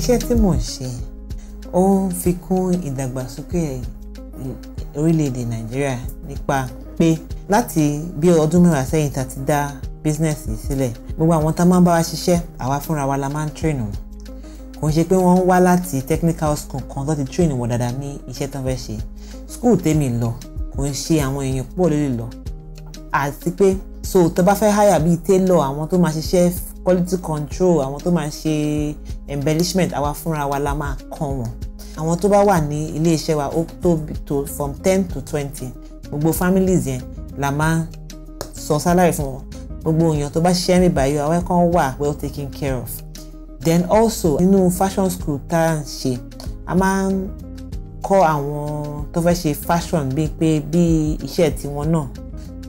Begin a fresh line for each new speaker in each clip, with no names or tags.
iṣẹ́ tí mò ń ṣe ó ń fi kún ìdàgbàsókè orílẹ̀-èdè nàìjíríà nípa pé láti bí ọdún mẹ́wàá sẹ́yìn tá a ti dá bísínẹ́sì sílẹ̀ gbogbo àwọn tá a máa ń bá wa ṣiṣẹ́ àwa fúnra wa la máa ń tírènù kò ń ṣe pé wọ́n ń wá láti technical school kan tó ti tírènù wọ̀ dáadáa ní iṣẹ́ tó ń fẹ́ ṣe school tèmi lọ kò ń ṣe àwọn èèyàn púpọ̀ ló lè lọ àti pé so tó bá fẹ́ háyà bíi tailor àwọn tó máa ṣiṣẹ́ quality control àwọn tó máa ṣe embellishment àwa fúnra wa la máa kàn wọ́n àwọn tó bá wà ní ilé iṣẹ́ wa ó tó to from ten to twenty gbogbo families yẹn la máa sọ salary fún wọn gbogbo èèyàn tó bá ṣiṣẹ́ mi báyìí àwọn ẹ̀kọ́ wà well taken care of then also nínú fashion school tá à ń ṣe a máa ń kọ́ àwọn tó fẹ́ ṣe fashion bíi pé bí iṣẹ́ tiwọn náà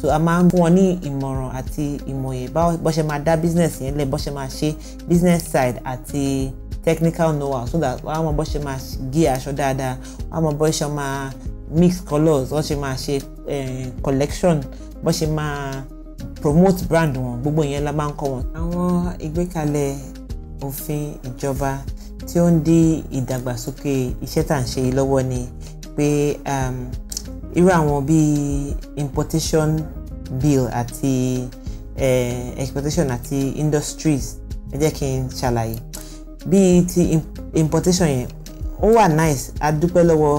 so a máa ń fún wọn ní ìmọ̀ràn àti ìmọ̀ye bó ṣe máa dá business yẹn lẹ̀ bó ṣe máa ṣe business side àti technical know-how so that wọ́n á mọ bó ṣe máa gé aṣọ dáadáa wọ́n á mọ bó ṣe máa mix colours wọ́n ṣe máa ṣe eh, collection bó ṣe máa promote brand wọn gbogbo yẹn la máa ń kọ́ wọn. àwọn ìgbékalẹ̀ òfin ìjọba tí ó ń dí ìdàgbàsókè iṣẹ́ tà ń ṣe lọ́wọ́ ni pé um, irú àwọn bíi importation bill àti eh, exportation àti industries ẹ jẹ́ kí n ṣàlàyé bíi ti importation yẹn ó wà nice a dúpẹ́ lọ́wọ́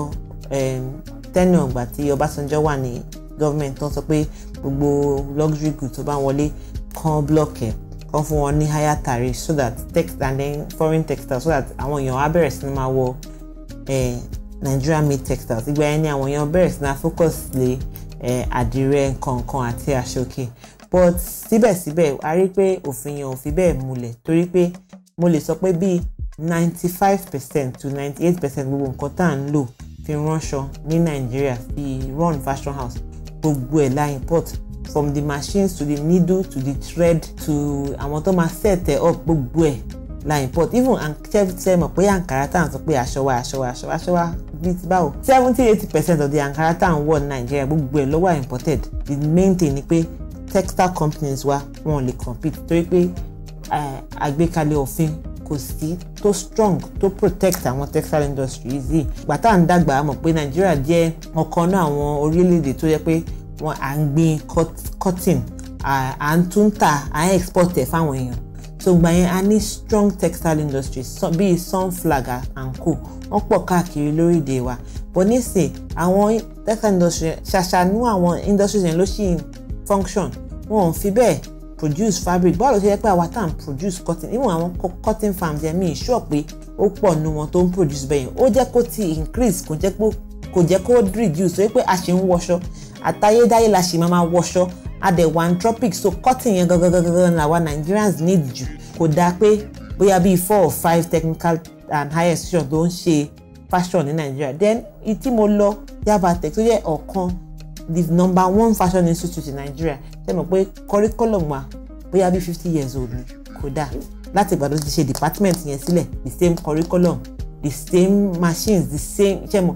tẹ́nì ọ̀gbà tí Ọbásanjọ́ wà ní gọ́ọ̀mẹ̀ntì tó ń sọ pé gbogbo luxury goods tó bá wọlé kan blọ́ọ̀kì kan fún wọn ní higher tariff so that text and then foreign textiles so that àwọn èèyàn á bẹ̀rẹ̀ sí ní máa wọ Nigeria made textiles ìgbà yẹn ni àwọn èèyàn bẹ̀rẹ̀ sí náà focus lé àdìrẹ nǹkankan àti àṣọkè but síbẹ̀síbẹ̀ a rí pé òfin yẹn ò fi bẹ́ẹ̀ múlẹ̀ torí pé mo lè sọ pé bíi ninety five percent to ninety eight percent gbogbo nǹkan tá à ń lò fi ránṣọ ní Nigeria fi run fashion house gbogbo ẹ̀ la import from the machines to the needle to the thread to àwọn tó máa set ẹ̀ up gbogbo ẹ̀ la import even ṣe mọ̀ pé àǹkárá tá à ń sọ pé aṣọ wa aṣọ wa aṣọ wa aṣọ wa bíi ti báwo seventy eighty percent of the àǹkárá tá à Nigeria wọ̀ ní gbogbo ẹ̀ ló imported the main thing ni pé textile companies wa wọn ò lè compete torí pé eh, àgbékalẹ̀ òfin kò sí tó strong tó protect àwọn textile industry yìí ìgbà tá à ń dàgbà á mọ̀ pé nàìjíríà jẹ́ ọ̀kan náà àwọn orílẹ̀-èdè tó yẹ pé wọ́n à ń gbin cotton à ń tún tà à ń export ẹ̀ fáwọn èèyàn so gbà yẹn a ní strong textile industries, so, bíi Sunflag and co wọ́n pọ̀ káàkiri lórílẹ̀ wa but nísìn àwọn textile industry ṣàṣàánú àwọn industries yẹn ló ṣì ń function wọn ò fi bẹ́ẹ̀ produce fabric báwo ló ṣe yẹ pé àwa tá produce cotton even àwọn cotton farms yẹn mi ìṣọ́ pé ó pọ̀ nu wọn tó ń produce bẹ́yẹn ó jẹ́ kó ti increase kò jẹ́ kó reduce tó yẹ pé a ṣe ń wọṣọ àtayédáyé la ṣì máa ma wọṣọ one tropics, so cotton yẹn gangan gangan làwa Nigerians need jù kò dáa pé bóyá bíi four or five technical and higher institutions ló ń ṣe fashion ní Nigeria then tí mo lọ Yaba Tech tó yẹ ọ̀kan the number one fashion institute in Nigeria ṣe mọ̀ pé curriculum wa bóyá bíi fifty years old ni kò dáa láti ìgbà tó ti ṣe department yẹn sílẹ̀ the same curriculum the same machines the same ṣe mọ̀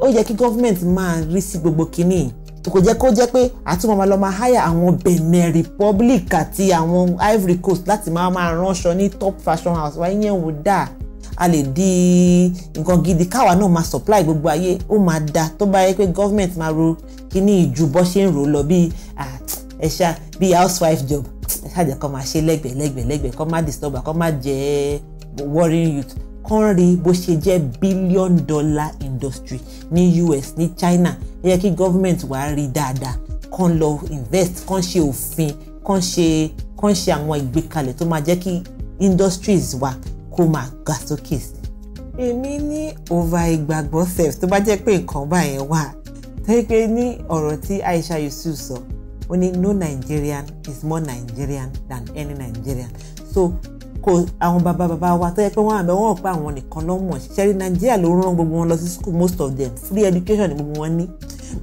ó yẹ kí government máa rí sí gbogbo kínní kò jẹ́ kó jẹ́ pé àtúmọ̀ máa lọ máa háyà àwọn Benin Republic àti àwọn Ivory Coast láti máa máa ránṣọ ní top fashion house wáyé yẹn ò dáa a lè di nǹkan gidi káwa náà máa supply gbogbo ayé ó máa da tó bá yẹ pé government máa ro kíní ìjù bó ṣe ń rò lọ bíi ẹ̀ṣá bíi housewife job ẹ̀ṣá jẹ́ kó máa ṣe lẹ́gbẹ̀ẹ́ lẹ́gbẹ̀ẹ́ lẹ́gbẹ̀ẹ́ kó máa disturb kó máa jẹ́ worrying youth kán rí bó ṣe jẹ́ billion dollar industry ní US ní China ó yẹ kí government wá rí dáadáa kán lọ invest kán ṣe òfin kán ṣe kán ṣe àwọn ìgbékalẹ̀ tó máa jẹ́ kí industries wa kó máa ga sókè sí. èmi ní over ìgbàgbọ́ sef tó bá jẹ́ pé nǹkan báyẹn wà torí pé ní ọ̀rọ̀ tí Aisha Yusuf sọ ó ní no Nigerian is more Nigerian than any Nigerian so kò àwọn bàbá bàbá wa tó yẹ pé wọ́n àbẹ̀ wọ́n pa àwọn nìkan lọ́mọ̀ ṣẹ́rí nàìjíríà ló rán gbogbo wọn lọ sí school most of them free education ni gbogbo wọn ní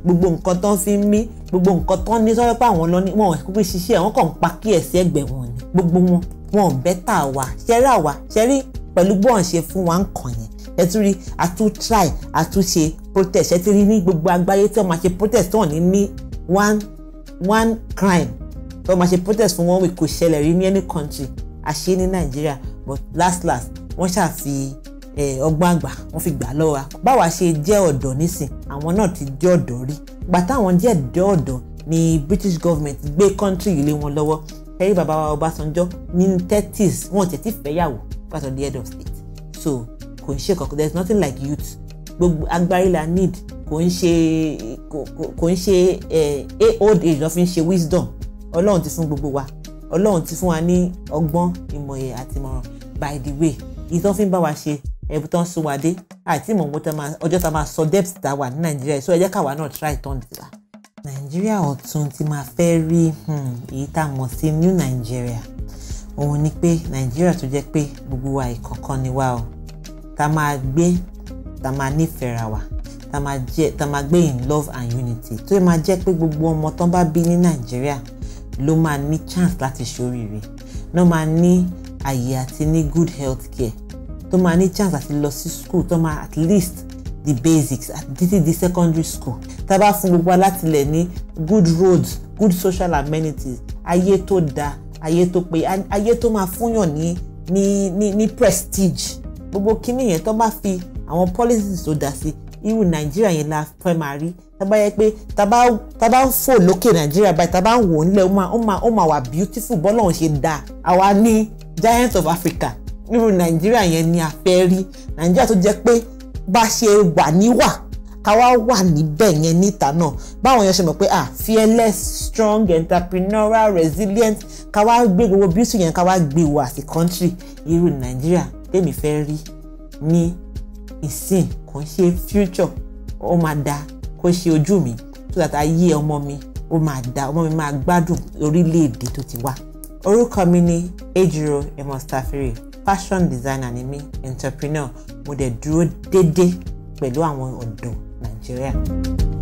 gbogbo nǹkan tán fi ń mí gbogbo nǹkan tán ní sọ́yọ́ pé àwọn lọ́ní wọn kò fi ṣiṣẹ́ wọn kàn ń pa kíyèsí ẹgbẹ́ wọn ni gbogbo wọn wọn ò bẹ́tà wa ṣẹ́rí àwa ṣẹ́rí pẹ̀lú bọ́ọ̀n ṣe fún wa ń kàn yẹn ẹ tún rí atún try atún ṣe protest ẹ ti rí ní gbogbo àgbáyé tí wọ́n máa ṣe protest tí wọ́n ní ní one one crime tí wọ́n máa ṣe protest fún wọn wí kò ṣẹlẹ̀ rí ní any country àṣe ní nàìjíríà but last last wọ́n ṣàfi ọgbọ́n àgbà wọ́n fi gbà lọ́wọ́ wa báwa ṣe jẹ́ ọ̀dọ́ nísìn àwọn náà ti jẹ́ ọ̀dọ́ rí gbà táwọn jẹ́ ọ̀dọ́ ọ̀dọ́ ni british government gbé country yìí lé wọn lọ́wọ́ ẹ̀rí bàbá wa ọbásanjọ́ ní thirties wọn tẹ̀ tí fẹ́yàwó part of the head of state so kò ń ṣe kankan there is nothing like youth gbogbo agbárí need kò ń ṣe kò ń ṣe old age ló fi ń ṣe wisdom ọlọ́run ti fún gbogbo wa ọlọ́run ti fún wa ní ọgbọ́n ìmọ̀ye àti ìmọ̀ràn by the way ìyí tán fi ń bá wa ṣe ẹ̀bùn tán sún wa dé àti ìmọ̀ ọjọ́ tá máa sọ debt tá wà ní nàìjíríà so ẹ jẹ́ káwa náà try turn the la. nàìjíríà ọ̀tun tí máa fẹ́ rí hmm, èyí tá a mọ̀ sí new Nigeria. òun ni pé nàìjíríà tó jẹ́ pé gbogbo wa ìkọ̀ọ̀kan ni wa o tá máa gbé tá máa nífẹ̀ẹ́ ra wa tá máa gbé in love and unity tó yẹ máa jẹ́ pé gbogbo ọmọ tán bá bí ní nàìjíríà ló máa ní chance láti ṣoríire ló máa ní àyè àti ní good health care tó máa ní chance àti lọ sí school tó máa at least the basics títí di secondary school tá a bá fún gbogbo alátìlẹ̀ ní good roads good social amenities ayé tó dáa ayé tó pé ayé tó máa fúnyàn ní ní ní prestige gbogbo kíní yẹn tó bá fi àwọn policies tó dá sí irú nàìjíríà yẹn la fẹ́ máa rí tábà yẹ pé tábà ń fò lókè nàìjíríà báyìí tábà ń wò ó nílẹ̀ ó máa wà beautiful bọ́lọ̀ ń ṣe dáa àwa ní giant of africa irú nàìjíríà yẹn ni a fẹ́ rí nàìjíríà tó jẹ́ pé bá ṣe wà níwà káwa wà níbẹ̀ yẹn níta náà báwọn yẹn ṣe mọ̀ pé ah fearless strong entrepreneurial resilient káwa gbé gbogbo beauty yẹn káwa gbé wá sí country irú nàìjíríà tèmi fẹ́ rí ní ìsìn kò ṣe future ó máa da kó ṣe ojú mi tó dàtà ayé ọmọ mi ó máa da ọmọ mi máa gbádùn orílẹ̀-èdè tó ti wá. orúkọ mi ni ejiro emostafiri fashion designer ni mí entrepreneur mo dẹ̀ dúró déédéé pẹ̀lú àwọn ọ̀dọ́ nàìjíríà.